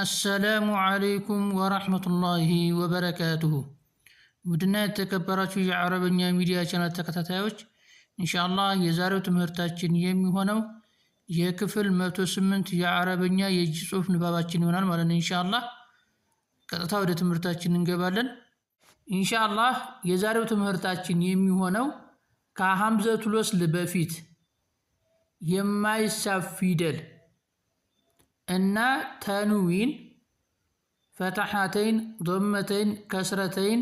አሰላሙ አለይኩም ወራህመቱላሂ ወበረካቱሁ። ውድና የተከበራችሁ የአረበኛ ሚዲያ ቻናል ተከታታዮች ኢንሻአላህ የዛሬው ትምህርታችን የሚሆነው የክፍል መቶ ስምንት የአረበኛ የእጅ ጽሑፍ ንባባችን ይሆናል ማለት ነው። ኢንሻአላህ ቀጥታ ወደ ትምህርታችን እንገባለን። ኢንሻአላህ የዛሬው ትምህርታችን የሚሆነው ከሐምዘቱል ወስል በፊት የማይሳብ ፊደል እና ተንዊን ፈትሐተይን፣ ዶመተይን፣ ከስረተይን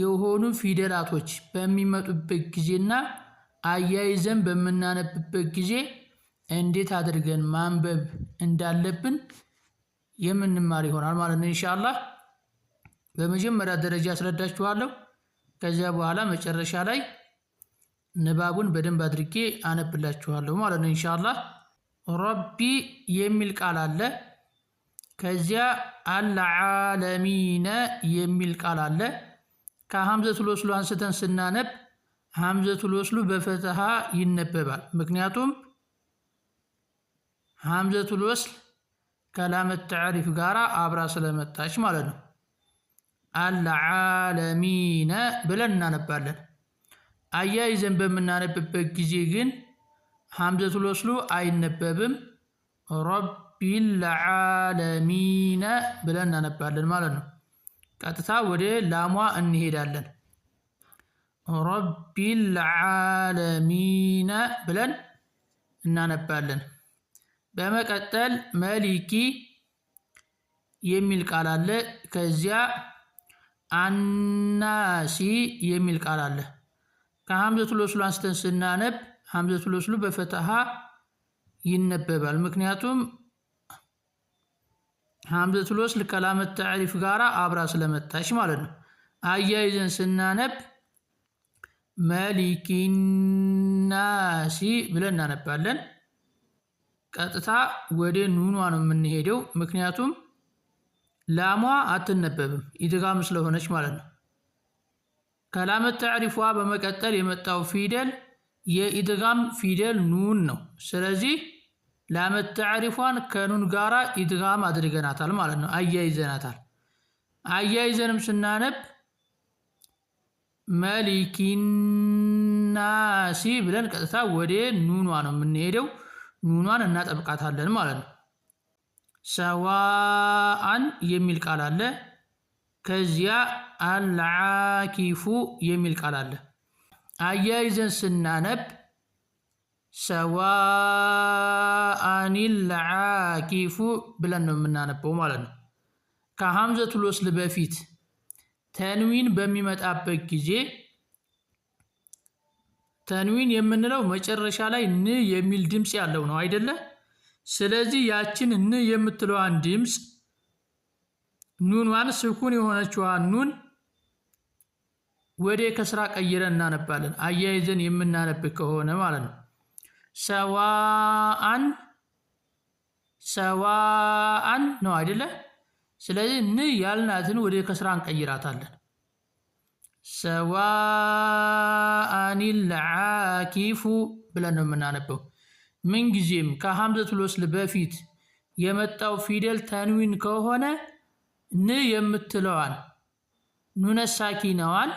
የሆኑ ፊደላቶች በሚመጡበት ጊዜና አያይዘን በምናነብበት ጊዜ እንዴት አድርገን ማንበብ እንዳለብን የምንማር ይሆናል ማለት ነው ኢንሻአላህ። በመጀመሪያ ደረጃ አስረዳችኋለሁ። ከዚያ በኋላ መጨረሻ ላይ ንባቡን በደንብ አድርጌ አነብላችኋለሁ ማለት ነው እንሻላ ረቢ የሚል ቃል አለ። ከዚያ አልዓለሚነ የሚል ቃል አለ። ከሐምዘቱል ወስሉ አንስተን ስናነብ ሐምዘቱል ወስሉ በፈትሃ ይነበባል። ምክንያቱም ሐምዘቱል ወስል ከላመት ተዕሪፍ ጋር አብራ ስለመጣች ማለት ነው። አልዓለሚነ ብለን እናነባለን። አያይዘን በምናነብበት ጊዜ ግን ሐምዘቱል ወስሉ አይነበብም። ረቢል ብለን እናነባለን ማለት ነው። ቀጥታ ወደ ላሟ እንሄዳለን። ረቢል ብለን እናነባለን። በመቀጠል መሊኪ የሚል ቃል አለ። ከዚያ አናሲ የሚል ቃል አለ። ከሐምዘቱል ወስሉ አንስተን ስናነብ ሀምዘቱል ወስሉ በፈተሃ ይነበባል። ምክንያቱም ሀምዘቱል ወስል ከላመት ተዕሪፍ ጋራ አብራ ስለመጣች ማለት ነው። አያይዘን ስናነብ መሊኪናሲ ብለን እናነባለን። ቀጥታ ወደ ኑኗ ነው የምንሄደው። ምክንያቱም ላሟ አትነበብም ኢድጋም ስለሆነች ማለት ነው። ከላመት ተዕሪፏ በመቀጠል የመጣው ፊደል የኢድጋም ፊደል ኑን ነው። ስለዚህ ላመት ተዕሪፏን ከኑን ጋራ ኢድጋም አድርገናታል ማለት ነው፣ አያይዘናታል። አያይዘንም ስናነብ መሊኪናሲ ብለን ቀጥታ ወደ ኑኗ ነው የምንሄደው። ኑኗን እናጠብቃታለን ማለት ነው። ሰዋአን የሚል ቃል አለ። ከዚያ አልዓኪፉ የሚል ቃል አለ። አያይዘን ስናነብ ሰዋአኒል ዓኪፉ ብለን ነው የምናነበው ማለት ነው። ከሐምዘቱል ወስል በፊት ተንዊን በሚመጣበት ጊዜ ተንዊን የምንለው መጨረሻ ላይ ን የሚል ድምፅ ያለው ነው አይደለ? ስለዚህ ያችን ን የምትለዋን ድምፅ ኑኗን ስኩን የሆነችዋን ኑን ወደ ከስራ ቀይረን እናነባለን። አያይዘን የምናነብ ከሆነ ማለት ነው። ሰዋአን ሰዋአን ነው አይደለ? ስለዚህ ን ያልናትን ወደ ከስራ እንቀይራታለን። ሰዋአን ልዓኪፉ ብለን ነው የምናነበው። ምንጊዜም ከሐምዘቱል ወስል በፊት የመጣው ፊደል ተንዊን ከሆነ ን የምትለዋን ኑነሳኪነዋን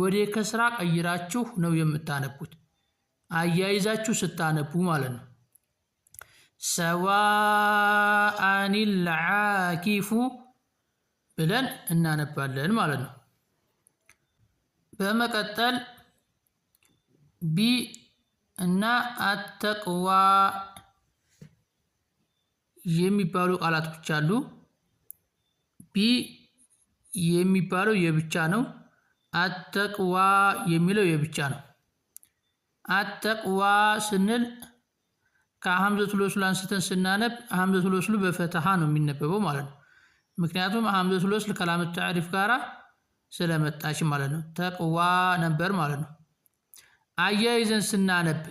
ወደ ከስራ ቀይራችሁ ነው የምታነቡት። አያይዛችሁ ስታነቡ ማለት ነው። ሰዋአን ልዓኪፉ ብለን እናነባለን ማለት ነው። በመቀጠል ቢ እና አተቅዋ የሚባሉ ቃላት ብቻ አሉ። ቢ የሚባለው የብቻ ነው። አተቅዋ የሚለው የብቻ ነው። አተቅዋ ስንል ከሐምዘቱል ሎስሉ አንስተን ስናነብ ሐምዘቱል ሎስሉ በፈትሃ ነው የሚነበበው ማለት ነው። ምክንያቱም ሐምዘቱል ሎስል ከላም ተዕሪፍ ጋራ ስለመጣች ማለት ነው። ተቅዋ ነበር ማለት ነው። አያይዘን ስናነብ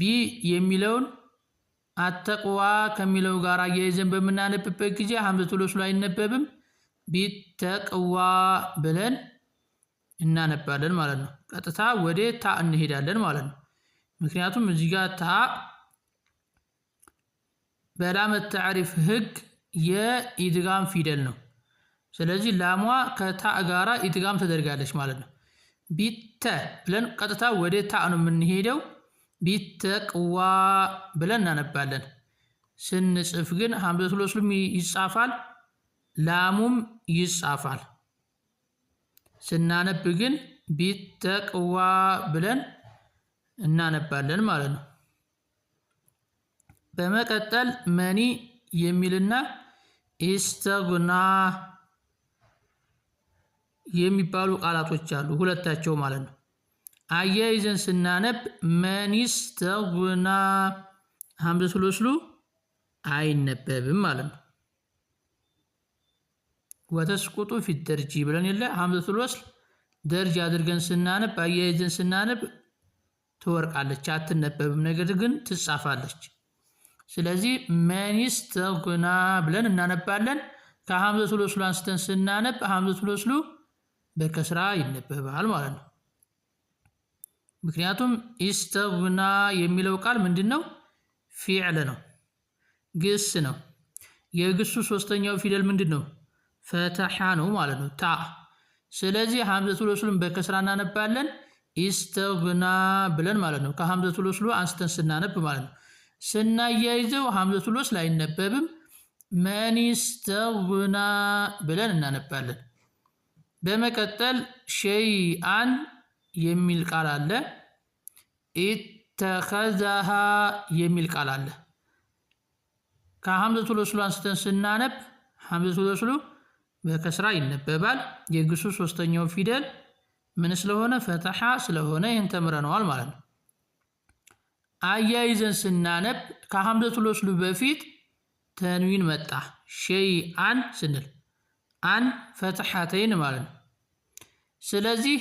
ቢ የሚለውን አተቅዋ ከሚለው ጋር አያይዘን በምናነብበት ጊዜ ሐምዘቱል ሎስሉ አይነበብም። ቢተቅዋ ብለን እናነባለን ማለት ነው። ቀጥታ ወደ ታ እንሄዳለን ማለት ነው። ምክንያቱም እዚህ ጋር ታ በላመት ተዕሪፍ ህግ የኢድጋም ፊደል ነው። ስለዚህ ላሟ ከታ ጋራ ኢድጋም ተደርጋለች ማለት ነው። ቢተ ብለን ቀጥታ ወደ ታ ነው የምንሄደው። ቢተቅዋ ብለን እናነባለን። ስንጽፍ ግን ሀምዘቱል ወስሉም ይጻፋል፣ ላሙም ይጻፋል። ስናነብ ግን ቢተቅዋ ብለን እናነባለን ማለት ነው። በመቀጠል መኒ የሚልና ኢስተግና የሚባሉ ቃላቶች አሉ፣ ሁለታቸው ማለት ነው። አያይዘን ስናነብ መኒስተግና ሀምዘቱል ወስሉ አይነበብም ማለት ነው። ወተስቁጡ ፊት ደርጂ ብለን የለ ሀምዘቱል ወስል ደርጅ አድርገን ስናነብ አያይዘን ስናነብ ትወርቃለች፣ አትነበብም። ነገር ግን ትጻፋለች። ስለዚህ መኒስተጉና ብለን እናነባለን። ከሀምዘቱል ወስሉ አንስተን ስናነብ ሀምዘቱል ወስሉ በከስራ ይነበባል ማለት ነው። ምክንያቱም ኢስተጉና የሚለው ቃል ምንድን ነው? ፊዕል ነው፣ ግስ ነው። የግሱ ሶስተኛው ፊደል ምንድን ነው? ፈተሓ ነው ማለት ነው። ታ ስለዚህ ሀምዘቱል ወስሉን በከስራ እናነባለን። ኢስተግና ብለን ማለት ነው። ከሀምዘቱል ወስሉ አንስተን ስናነብ ማለት ነው። ስናያይዘው ሀምዘቱል ወስል አይነበብም። መን ኢስተግና ብለን እናነባለን። በመቀጠል ሸይአን የሚል ቃል አለ። ኢተኸዛሃ የሚል ቃል አለ። ከሀምዘቱል ወስሉ አንስተን ስናነብ ሀምዘቱል ወስሉ በከስራ ይነበባል። የግሱ ሶስተኛው ፊደል ምን ስለሆነ ፈተሓ ስለሆነ ይህን ተምረነዋል ማለት ነው። አያይዘን ስናነብ ከሐምዘቱል ወስሉ በፊት ተንዊን መጣ። አን ስንል አን ፈትሐተይን ማለት ነው። ስለዚህ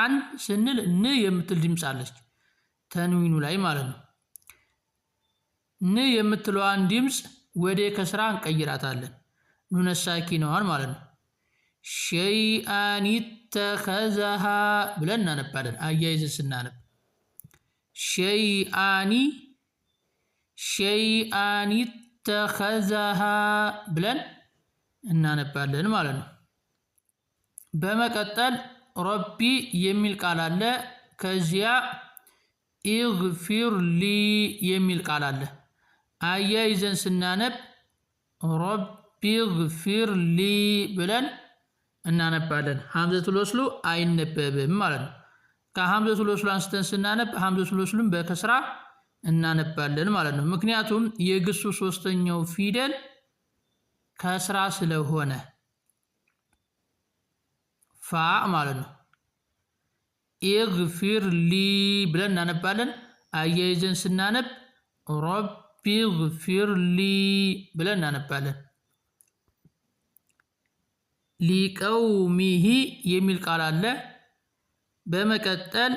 አን ስንል ን የምትል ድምፅ አለች ተንዊኑ ላይ ማለት ነው። ን የምትለዋን ድምፅ ወደ ከስራ እንቀይራታለን። ኑነ ሳኪናዋን ማለት ነው። ሸይአን ይተኸዘሃ ብለን እናነባለን። አያይዘን ስናነብ ሸይአኒ ሸይአን ይተኸዘሃ ብለን እናነባለን ማለት ነው። በመቀጠል ረቢ የሚል ቃል አለ። ከዚያ ኢግፊር ሊ የሚል ቃል አለ። አያይዘን ስናነብ ረቢ ፒግፊር ሊ ብለን እናነባለን። ሀምዘቱል ወስሉ አይነበብም ማለት ነው። ከሀምዘቱል ወስሉ አንስተን ስናነብ ሀምዘቱል ወስሉን በከስራ እናነባለን ማለት ነው። ምክንያቱም የግሱ ሶስተኛው ፊደል ከስራ ስለሆነ ፋ ማለት ነው። ኢግፊር ሊ ብለን እናነባለን። አያይዘን ስናነብ ረቢ ግፊር ሊ ብለን እናነባለን። ሊቀውሚሂ የሚል ቃል አለ። በመቀጠል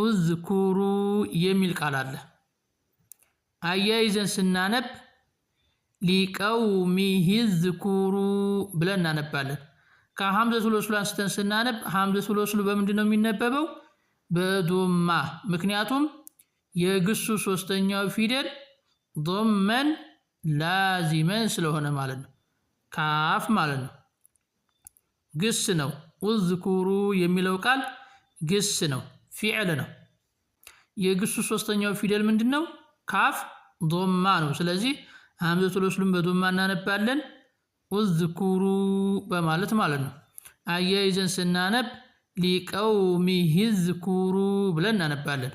ኡዝኩሩ የሚል ቃል አለ። አያይዘን ስናነብ ሊቀውሚሂ ዝኩሩ ብለን እናነባለን። ከሐምዘቱል ወስሉ አንስተን ስናነብ ሐምዘቱል ወስሉ በምንድን ነው የሚነበበው? በዶማ ምክንያቱም የግሱ ሶስተኛው ፊደል ዶመን ላዚመን ስለሆነ ማለት ነው። ካፍ ማለት ነው። ግስ ነው። ውዝኩሩ የሚለው ቃል ግስ ነው፣ ፊዕል ነው። የግሱ ሶስተኛው ፊደል ምንድን ነው? ካፍ ዶማ ነው። ስለዚህ ሀምዘቱል ወስሉን በዶማ እናነባለን ውዝኩሩ በማለት ማለት ነው። አያይዘን ስናነብ ሊቀውሚሂ ዝኩሩ ብለን እናነባለን።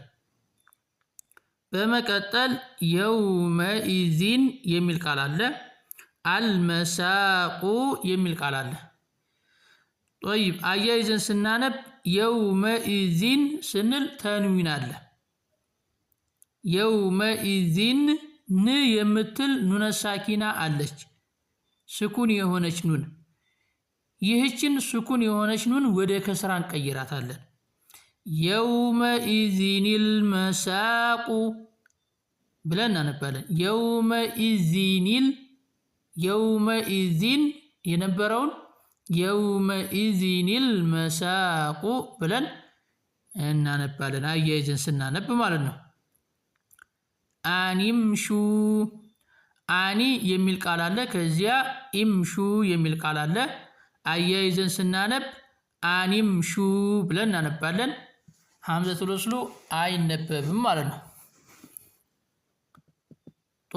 በመቀጠል የውመኢዚን የሚል ቃል አለ። አልመሳቁ የሚል ቃል አለ። ጠይብ አያይዘን ስናነብ የውመኢዚን ስንል ተንዊን አለ። የውመኢዚን ን የምትል ኑነ ሳኪና አለች፣ ስኩን የሆነች ኑን። ይህችን ስኩን የሆነች ኑን ወደ ከስራ እንቀይራታለን። የውመኢዚኒል መሳቁ ብለን እናነባለን። የውመኢዚኒል የውመኢዚን የነበረውን የውመኢዚኒል መሳቁ ብለን እናነባለን። አያይዘን ስናነብ ማለት ነው። አኒምሹ አኒ የሚል ቃል አለ። ከዚያ ኢምሹ የሚል ቃል አለ። አያይዘን ስናነብ አኒምሹ ብለን እናነባለን። ሐምዘቱል ወስሉ አይነበብም ማለት ነው።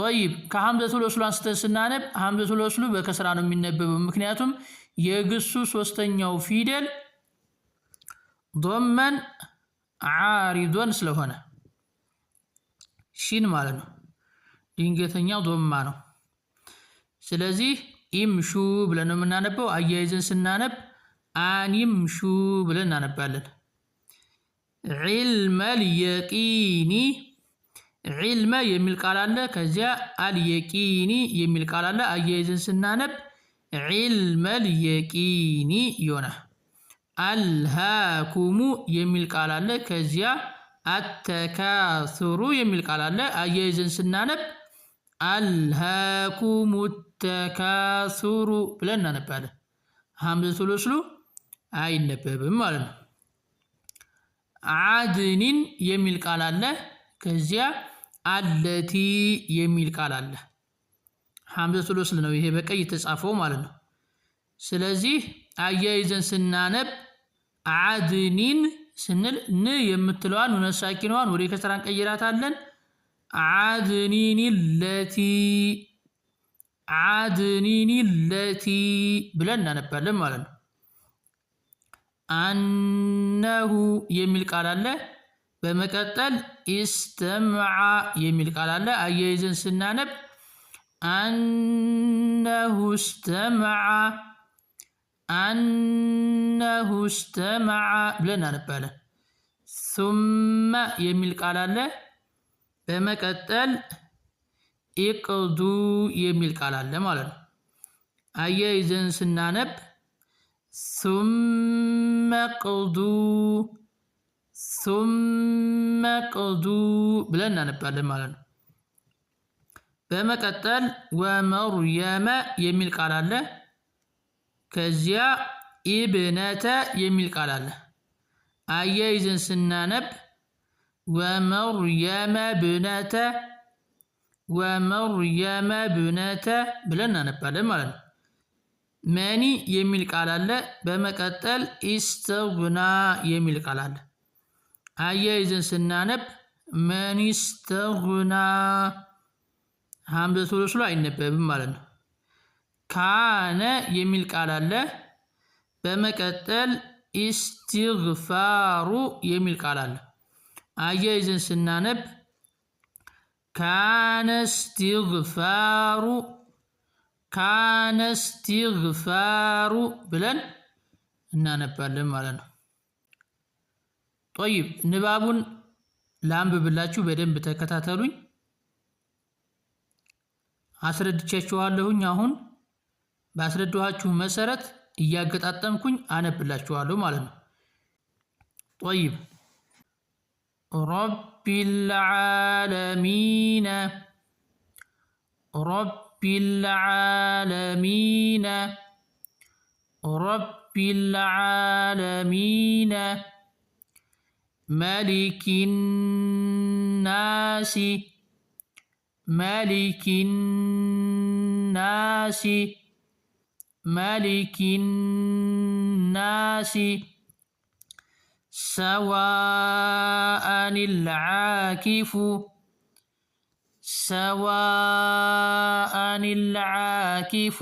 ጠይብ ከሐምዘቱል ወስሉ አንስተ ስናነብ ሐምዘቱል ወስሉ በከስራ ነው የሚነበበው። ምክንያቱም የግሱ ሶስተኛው ፊደል ዶመን ዓሪዶን ስለሆነ ሺን ማለት ነው። ድንገተኛ ዶማ ነው። ስለዚህ ኢምሹ ብለን ነው የምናነበው። አያይዘን ስናነብ አኒምሹ ብለን እናነባለን። ዒልመል የቂኒ ዒልመ የሚል ቃል አለ። ከዚያ አልየቂኒ የሚል ቃል አለ። አያይዘን ስናነብ ዒልመል የቂኒ ይሆናል። አልሃኩሙ የሚል ቃል አለ። ከዚያ አተካሱሩ የሚል ቃል አለ። አያይዘን ስናነብ አልሃኩሙ ተካሱሩ ብለን እናነባለን። ሀምዘቱል ወስሉ አይነበብም ማለት ነው። አድኒን የሚል ቃል አለ። ከዚያ አለቲ የሚል ቃል አለ። ሐምዘቱል ወስል ነው ይሄ በቀይ የተጻፈው ማለት ነው። ስለዚህ አያይዘን ስናነብ አድኒን ስንል ን የምትለዋን ነሳኪነዋን ወደ ከስራ እንቀይራታለን። አድኒኒ ለቲ አድኒኒ ለቲ ብለን እናነባለን ማለት ነው። አነሁ የሚል ቃል አለ። በመቀጠል ኢስተምዓ የሚል ቃል አለ። አያይዘን ስናነብ አነሁ ስተምዓ አነሁ ስተምዓ ብለን አነባለን። ሱመ የሚል ቃል አለ። በመቀጠል ኢቅዱ የሚል ቃል አለ ማለት ነው። አያይዘን ስናነብ ሱመ ቅዱ ሱመ ቅዱ ብለን እናነባለን ማለት ነው። በመቀጠል ወመርየመ የሚል ቃል አለ። ከዚያ ኢብነተ የሚል ቃል አለ። አያይዘን ስናነብ ወመርየመ ብነተ ወመርየመ ብነተ ብለን እናነባለን ማለት ነው። መኒ የሚል ቃል አለ። በመቀጠል ኢስተጉና የሚል ቃል አለ። አያይዘን ስናነብ መኒስተጉና ሀምዘቱል ወስሉ አይነበብም ማለት ነው። ካነ የሚል ቃል አለ። በመቀጠል ኢስቲግፋሩ የሚል ቃል አለ። አያይዘን ስናነብ ካነ ስቲግፋሩ ካነ ስቲግፋሩ ብለን እናነባለን ማለት ነው። ጦይብ ንባቡን ላንብብላችሁ፣ በደንብ ተከታተሉኝ። አስረድቻችኋለሁኝ። አሁን ባስረድኋችሁ መሰረት እያገጣጠምኩኝ አነብላችኋለሁ ማለት ነው። ጦይብ ረቢል ዓለሚነ ረቢል ملك الناس ملك الناس ملك الناس سواء العاكف سواء العاكف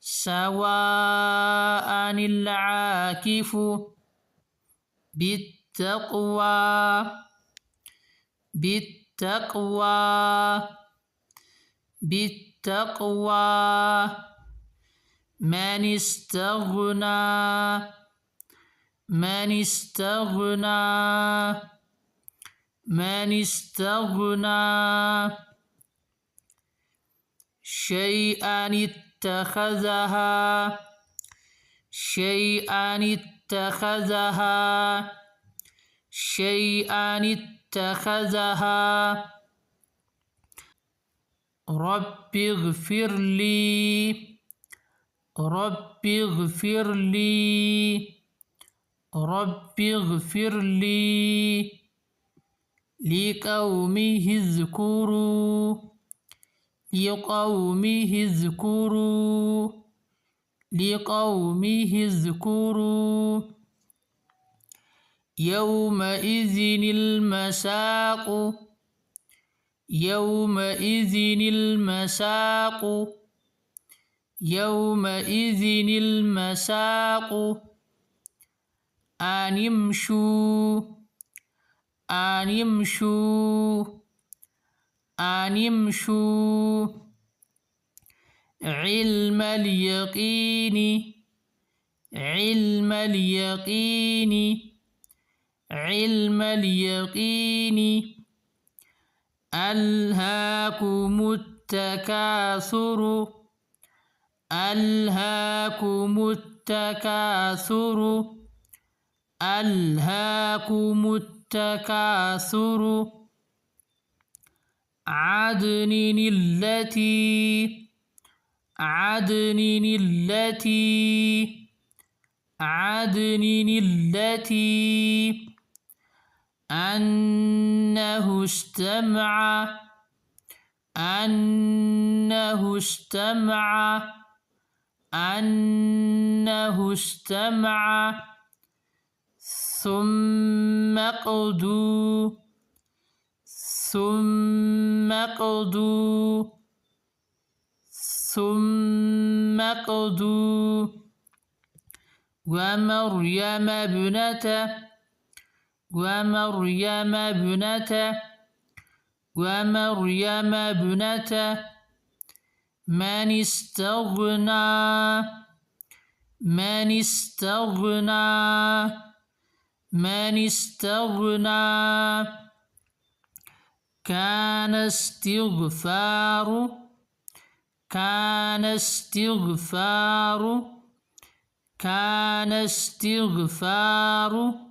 سواء العاكف بالتقوى بالتقوى بالتقوى من استغنى من استغنى من استغنى شيئا اتخذها شيئا اتخذها اتخذها شيئا اتخذها رب اغفر لي رب اغفر لي رب اغفر لي لقومه اذكروا لقومه اذكروا لقومه اذكروا يومئذ المساق يومئذ المساق يومئذ المساق أن امشوا أن امشوا أن امشوا علم اليقين علم اليقين علم اليقين ألهاكم التكاثر ألهاكم التكاثر ألهاكم التكاثر عدن التي عدن التي عدن التي أنه استمع أنه استمع أنه استمع ثم قدو ثم قدو ثم اقضوا ومريم ابنته ومريم ابنته ومريم ابنته من استغنى من استغنى من استغنى كان استغفاره كان استغفار كان استغفار